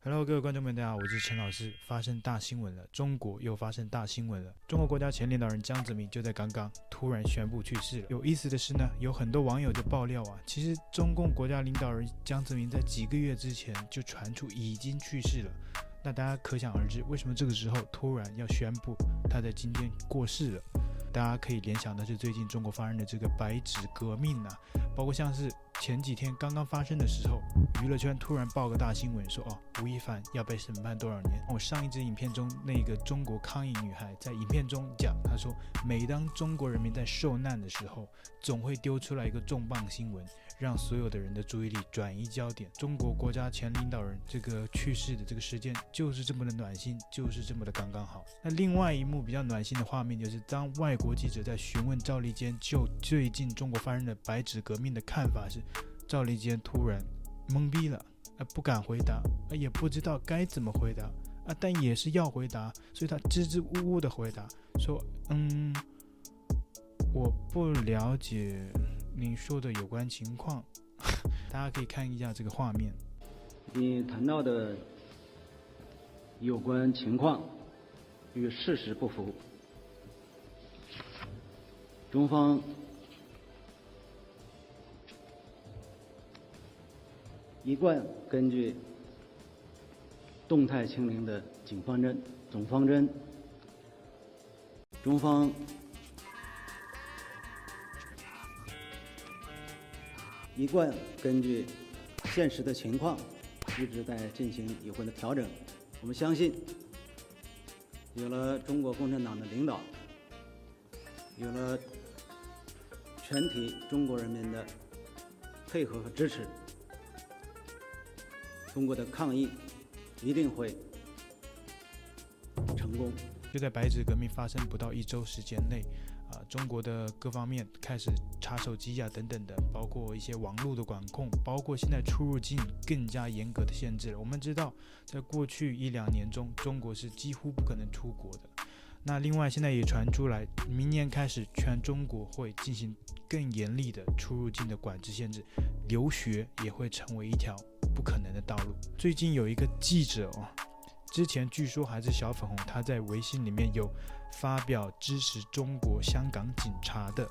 Hello，各位觀眾們，大家好，我是陳老師。發生大新聞了，中國又發生大新聞了。中國國家前領導人江澤民就在剛剛突然宣布去世了。有意思的是呢，有很多網友就爆料啊，其實中共國家領導人江澤民在幾個月之前就傳出已經去世了。那大家可想而知，為什麼這個時候突然要宣布他在今天過世了？大家可以聯想到是最近中國發生的這個白紙革命呢、啊，包括像是前幾天剛剛發生的時候，娛樂圈突然爆個大新聞說，說哦吳亦凡要被審判多少年。我上一支影片中那個中國抗議女孩在影片中講，她說，每當中國人民在受難的時候，總會丟出來一個重磅新聞。讓所有的人的注意力轉移焦點。中國國家前領導人這個去世的這個時間就是這麼的暖心，就是這麼的剛剛好。那另外一幕比較暖心的畫面，就是當外國記者在詢問趙立堅就最近中國發生的“白紙革命”的看法時，趙立堅突然懵逼了，呃，不敢回答，呃，也不知道該怎麼回答，啊，但也是要回答，所以他支支吾吾的回答說：“嗯，我不了解。”您說的有關情況，大家可以看一下這個畫面。你談到的有關情況與事實不符。中方一貫根據動態清零的警方針總方針，中方。一貫根據現實的情況，一直在進行有關的調整。我們相信，有了中國共產黨的領導，有了全體中國人民的配合和支持，中國的抗疫一定會成功。就在白紙革命發生不到一周時間內。中國的各方面開始查手機呀、等等的，包括一些網絡的管控，包括現在出入境更加嚴格的限制了。我們知道，在過去一兩年中，中國是幾乎不可能出國的。那另外，現在也傳出來，明年開始全中國會進行更嚴厲的出入境的管制限制，留學也會成為一條不可能的道路。最近有一個記者哦。之前據說還是小粉紅，他在微信裡面有發表支持中國香港警察的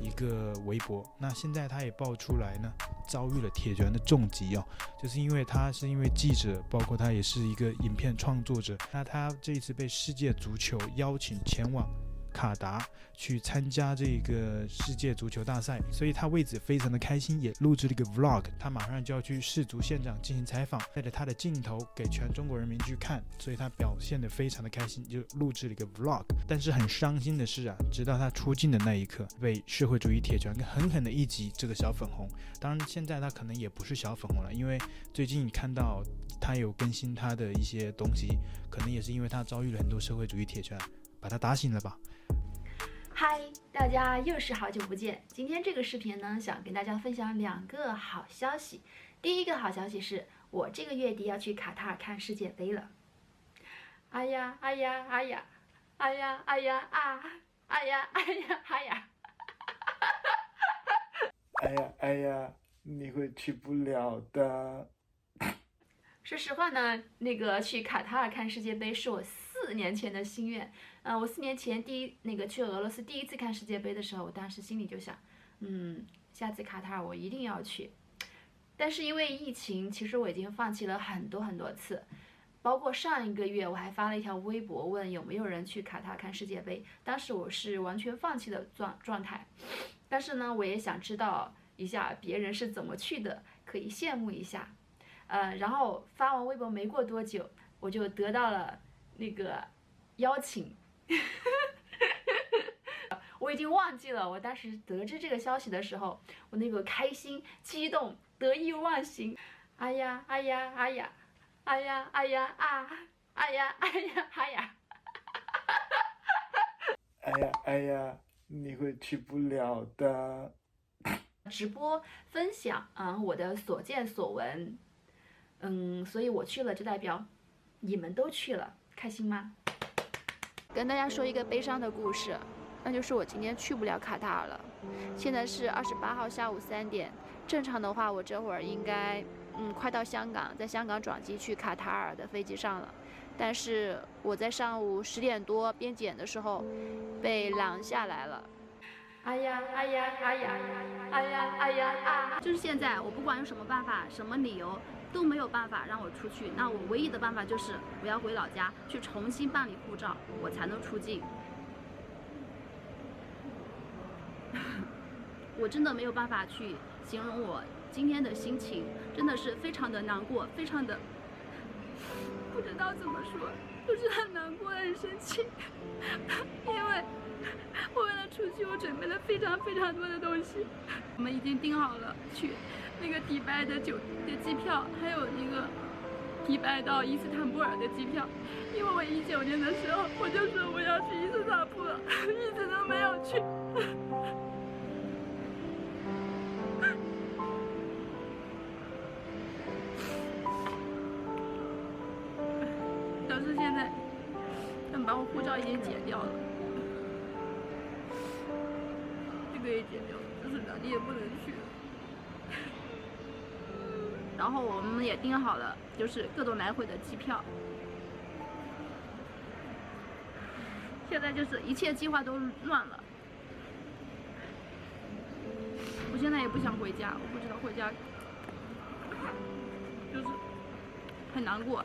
一個微博。那現在他也爆出來呢，遭遇了鐵拳的重擊哦，就是因為他是因為記者，包括他也是一個影片創作者。那他這一次被世界足球邀請前往。卡達去參加這個世界足球大賽，所以他為此非常的開心，也錄制了一個 vlog。他馬上就要去世足現場進行採訪，帶着他的鏡頭給全中國人民去看，所以他表現得非常的開心，就錄制了一個 vlog。但是很傷心的是啊，直到他出境的那一刻，被社會主義鐵拳狠狠的一擊。這個小粉紅，當然現在他可能也不是小粉紅了，因為最近看到他有更新他的一些東西，可能也是因為他遭遇了很多社會主義鐵拳。把他打醒了吧！嗨，大家又是好久不見。今天這個視頻呢，想跟大家分享兩個好消息。第一個好消息是我這個月底要去卡塔爾看世界杯了。哎呀，哎呀，哎呀，哎呀，哎呀，啊，哎呀，哎呀，哎呀，哈哈哈哈哈哈！哎呀，哎呀，你會去不了的。說實話呢，那個去卡塔爾看世界杯是我。四年前的心願，嗯、呃，我四年前第一那個去俄羅斯第一次看世界杯的時候，我當時心裡就想，嗯，下次卡塔爾我一定要去。但是因為疫情，其實我已經放棄了很多很多次，包括上一個月我還發了一條微博問有沒有人去卡塔爾看世界杯，當時我是完全放棄的狀狀態。但是呢，我也想知道一下別人是怎麼去的，可以羨慕一下。呃，然後發完微博沒過多久，我就得到了。那個邀請，哈哈哈，我已經忘記了。我當時得知這個消息的時候，我那個開心、激動、得意忘形，哎呀，哎呀，哎呀，哎呀，哎呀啊，哎呀，哎呀，哎呀，哈哈哈，哎呀，哎呀，你會去不了的。直播分享啊，我的所見所聞，嗯，所以我去了，就代表你們都去了。開心嗎？跟大家說一個悲傷的故事，那就是我今天去不了卡塔爾了。現在是二十八號下午三點，正常的話我這會兒應該，嗯，快到香港，在香港轉機去卡塔爾的飛機上了。但是我在上午十點多邊檢的時候，被攔下來了。哎呀哎呀哎呀哎呀哎呀哎呀哎呀啊！就是現在，我不管用什麼辦法，什麼理由。都沒有辦法讓我出去，那我唯一的辦法就是我要回老家去重新辦理護照，我才能出境。 我真的沒有辦法去形容我今天的心情，真的是非常的難過，非常的不知道怎麼說，就是很難過，很生氣， 因為我為了出去，我準備了非常非常多的東西， 我們已經訂好了去。那個迪拜的酒的機票，還有那個迪拜到伊斯坦布爾的機票，因為我一九年的時候我就說我要去伊斯坦布爾，一直都沒有去。但 是現在，他們把我護照已經剪掉了，這個也剪掉了，就是哪裡也不能去了。然後我們也訂好了，就是各種來回的機票。現在就是一切計劃都亂了。我現在也不想回家，我不知道回家，就是很難過。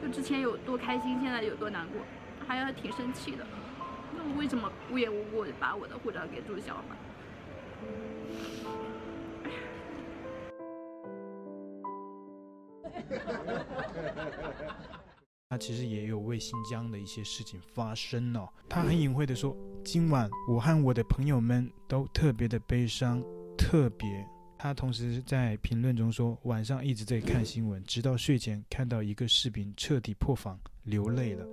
就之前有多開心，現在有多難過，還要挺生氣的。那我為什麼無緣無故把我的護照給注銷了？其實也有為新疆的一些事情發聲呢、哦。他很隱晦地說，今晚我和我的朋友們都特別的悲傷，特別。他同時在評論中說，晚上一直在看新聞，直到睡前看到一個視頻，徹底破防，流淚了。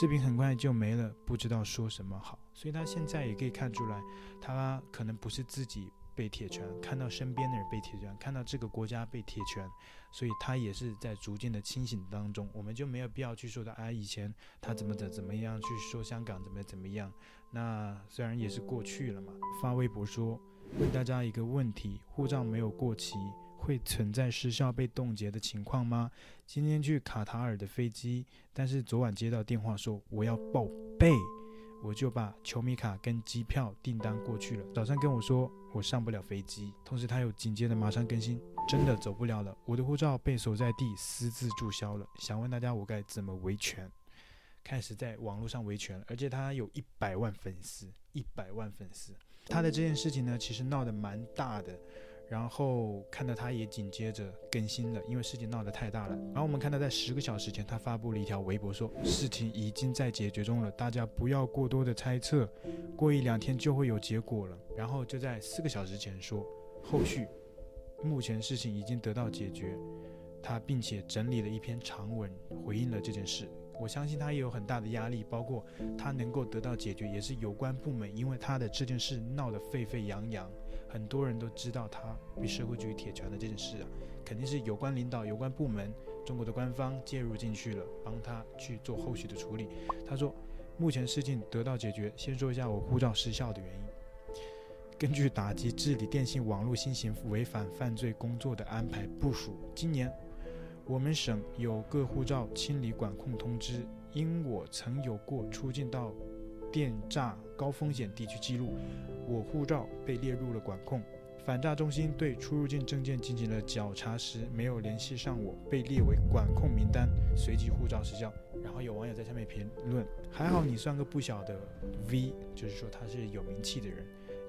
視頻很快就沒了，不知道說什麼好。所以他現在也可以看出來，他可能不是自己。被鐵拳，看到身邊的人被鐵拳，看到這個國家被鐵拳，所以他也是在逐漸的清醒當中。我們就沒有必要去說他啊、哎，以前他怎麼怎怎麼樣去說香港怎麼怎麼樣。那雖然也是過去了嘛，發微博說，問大家一個問題：護照沒有過期，會存在失效被凍結的情況嗎？今天去卡塔爾的飛機，但是昨晚接到電話說我要報備。我就把球迷卡跟機票訂單過去了。早上跟我說，我上不了飛機，同時他又緊接着馬上更新，真的走不了了，我的護照被所在地私自注銷了。想問大家我該怎麼維權？開始在網絡上維權，而且他有一百萬粉絲，一百萬粉絲，他的這件事情呢，其實鬧得蠻大的。然後看到他也緊接着更新了，因為事情鬧得太大了。然後我們看到在十個小時前，他發布了一條微博說，事情已經在解決中了，大家不要過多的猜測，過一兩天就會有結果了。然後就在四個小時前說，後續，目前事情已經得到解決，他並且整理了一篇長文回應了這件事。我相信他也有很大的壓力，包括他能夠得到解決，也是有關部門因為他的這件事鬧得沸沸揚揚。很多人都知道他被社會主義鐵拳的這件事啊，肯定是有關領導、有關部門、中國的官方介入進去了，幫他去做後續的處理。他說，目前事情得到解決。先說一下我護照失效的原因。根據打擊治理電信網絡新型違法犯罪工作的安排部署，今年我們省有個護照清理管控通知，因我曾有過出境到電詐高風險地區記錄，我護照被列入了管控。反詐中心對出入境證件進行了檢查時，沒有聯繫上我，被列為管控名單，隨即護照失效。然後有網友在下面評論：“還好你算個不小的 V，就是說他是有名氣的人，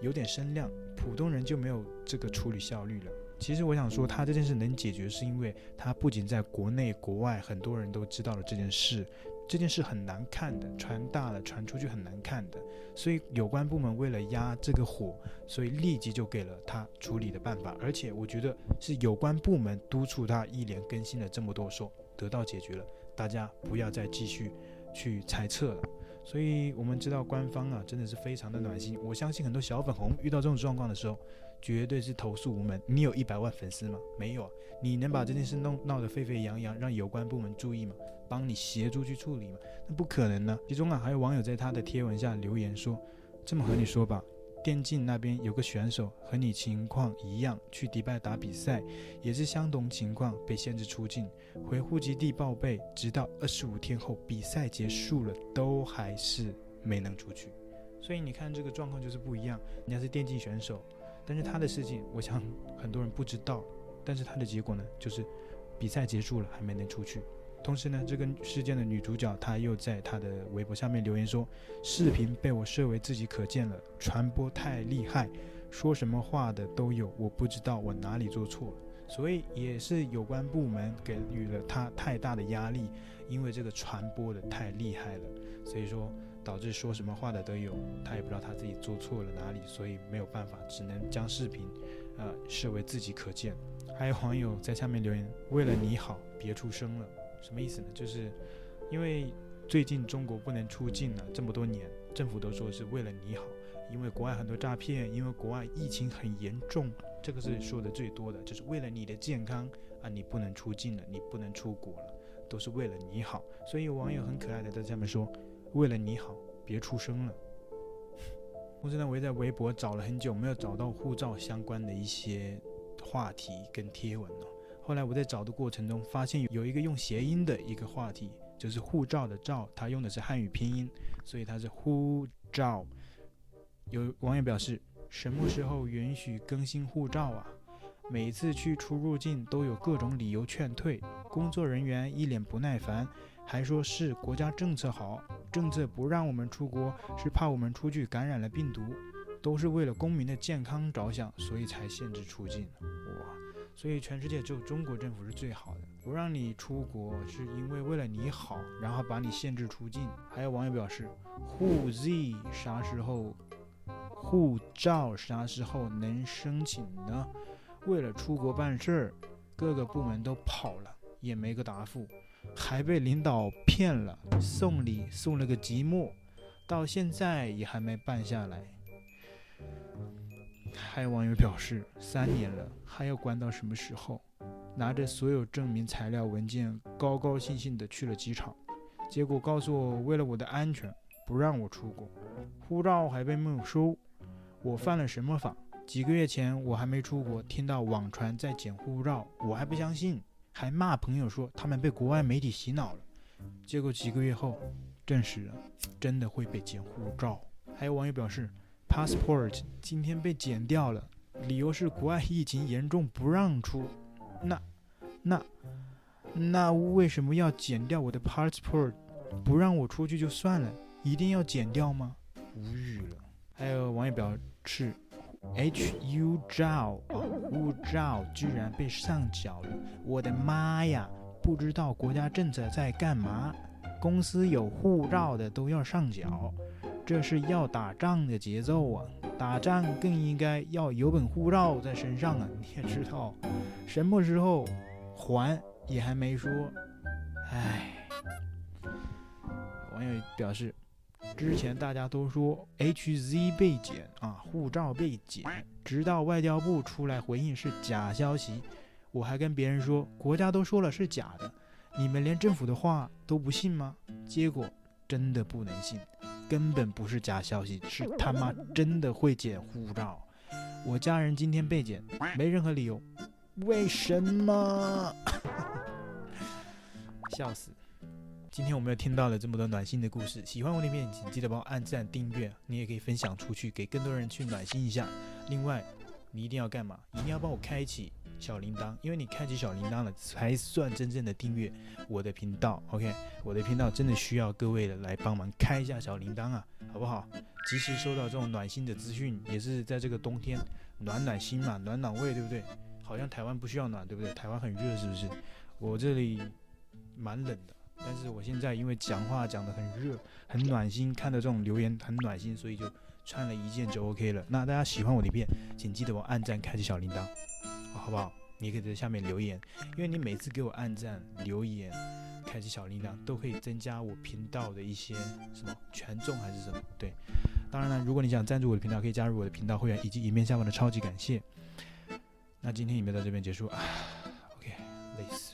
有點聲量，普通人就沒有這個處理效率了。”其實我想說，他這件事能解決，是因為他不僅在國內、國外很多人都知道了這件事，這件事很難看的，傳大了、傳出去很難看的，所以有關部門為了壓這個火，所以立即就給了他處理的辦法，而且我覺得是有關部門督促他一連更新了這麼多，說得到解決了，大家不要再繼續去猜測了。所以我們知道官方啊，真的是非常的暖心，我相信很多小粉紅遇到這種狀況的時候。絕對是投訴無門。你有一百萬粉絲嗎？沒有啊。你能把這件事弄鬧得沸沸揚揚，讓有關部門注意嗎？幫你協助去處理嗎？那不可能呢啊。其中啊，還有網友在他的貼文下留言說：“這麼和你說吧，電競那邊有個選手和你情況一樣，去迪拜打比賽，也是相同情況被限制出境，回戶籍地報備，直到二十五天後比賽結束了，都還是沒能出去。所以你看這個狀況就是不一樣。人家是電競選手。”但是他的事情，我想很多人不知道。但是他的結果呢，就是比賽結束了還沒能出去。同時呢，這個事件的女主角，她又在她的微博下面留言說：“視頻被我設為自己可見了，傳播太厲害，說什麼話的都有，我不知道我哪裡做錯了。”所以也是有關部門給予了她太大的壓力，因為這個傳播的太厲害了。所以說。導致說什麼話的都有，他也不知道他自己做錯了哪裡，所以沒有辦法，只能將視頻，呃，視為自己可見。還有網友在下面留言：“為了你好，別出聲了。”什麼意思呢？就是因為最近中國不能出境了啊，這麼多年，政府都說是為了你好，因為國外很多詐騙，因為國外疫情很嚴重，這個是說的最多的，就是為了你的健康啊，你不能出境了，你不能出國了，都是為了你好。所以網友很可愛的在下面說。為了你好，別出聲了。同時呢，我也在微博找了很久，沒有找到護照相關的一些話題跟貼文哦。後來我在找的過程中，發現有有一個用諧音的一個話題，就是護照的“照”，它用的是漢語拼音，所以它是護照。有網友表示：“什麼時候允許更新護照啊？每次去出入境都有各種理由勸退，工作人員一臉不耐煩。”還說是國家政策好，政策不讓我們出國，是怕我們出去感染了病毒，都是為了公民的健康着想，所以才限制出境。哇，所以全世界只有中國政府是最好的，不讓你出國是因為為了你好，然後把你限制出境。還有網友表示，護照啥時候，護照啥時候能申請呢？為了出國辦事兒，各個部門都跑了，也沒個答覆。還被領導騙了，送禮送了個寂寞。到現在也還沒辦下來。還有網友表示，三年了還要關到什麼時候？拿着所有證明材料文件，高高興興的去了機場，結果告訴我為了我的安全，不讓我出國，護照還被沒收。我犯了什麼法？幾個月前我還沒出國，聽到網傳在剪護照，我還不相信。還罵朋友說他們被國外媒體洗腦了，結果幾個月後證實了，真的會被剪護照。還有網友表示，passport 今天被剪掉了，理由是國外疫情嚴重不讓出。那那那為什麼要剪掉我的 passport？不讓我出去就算了，一定要剪掉嗎？無語了。還有網友表示。護照啊，護照居然被上繳了！我的媽呀，不知道國家政策在幹嘛？公司有護照的都要上繳，這是要打仗的節奏啊！打仗更應該要有本護照在身上啊！你也知道，什麼時候還也還沒說，唉。網友表示。之前大家都說 HZ 被剪啊，護照被剪，直到外交部出來回應是假消息，我還跟別人說國家都說了是假的，你們連政府的話都不信嗎？結果真的不能信，根本不是假消息，是他媽真的會剪護照。我家人今天被剪，沒任何理由，為什麼？笑，笑死。今天我們又聽到了這麼多暖心的故事，喜歡我的影片請記得幫我按讚訂閱，你也可以分享出去，給更多人去暖心一下。另外，你一定要幹嘛？一定要幫我開啟小鈴鐺，因為你開啟小鈴鐺了，才算真正的訂閱我的頻道。OK，我的頻道真的需要各位來幫忙開一下小鈴鐺啊，好不好？及時收到這種暖心的資訊，也是在這個冬天暖暖心嘛，暖暖胃，對不對？好像台灣不需要暖，對不對？台灣很熱，是不是？我這裡蠻冷的。但是我現在因為講話講得很熱，很暖心，看到這種留言很暖心，所以就穿了一件就 OK 了。那大家喜歡我的影片，請記得我按讚，開啟小鈴鐺，哦、好不好？你也可以在下面留言，因為你每次給我按讚、留言、開啟小鈴鐺，都可以增加我頻道的一些什麼權重還是什麼？對。當然了，如果你想贊助我的頻道，可以加入我的頻道會員以及影片下方的超級感謝。那今天影片到這邊結束啊，OK，累死。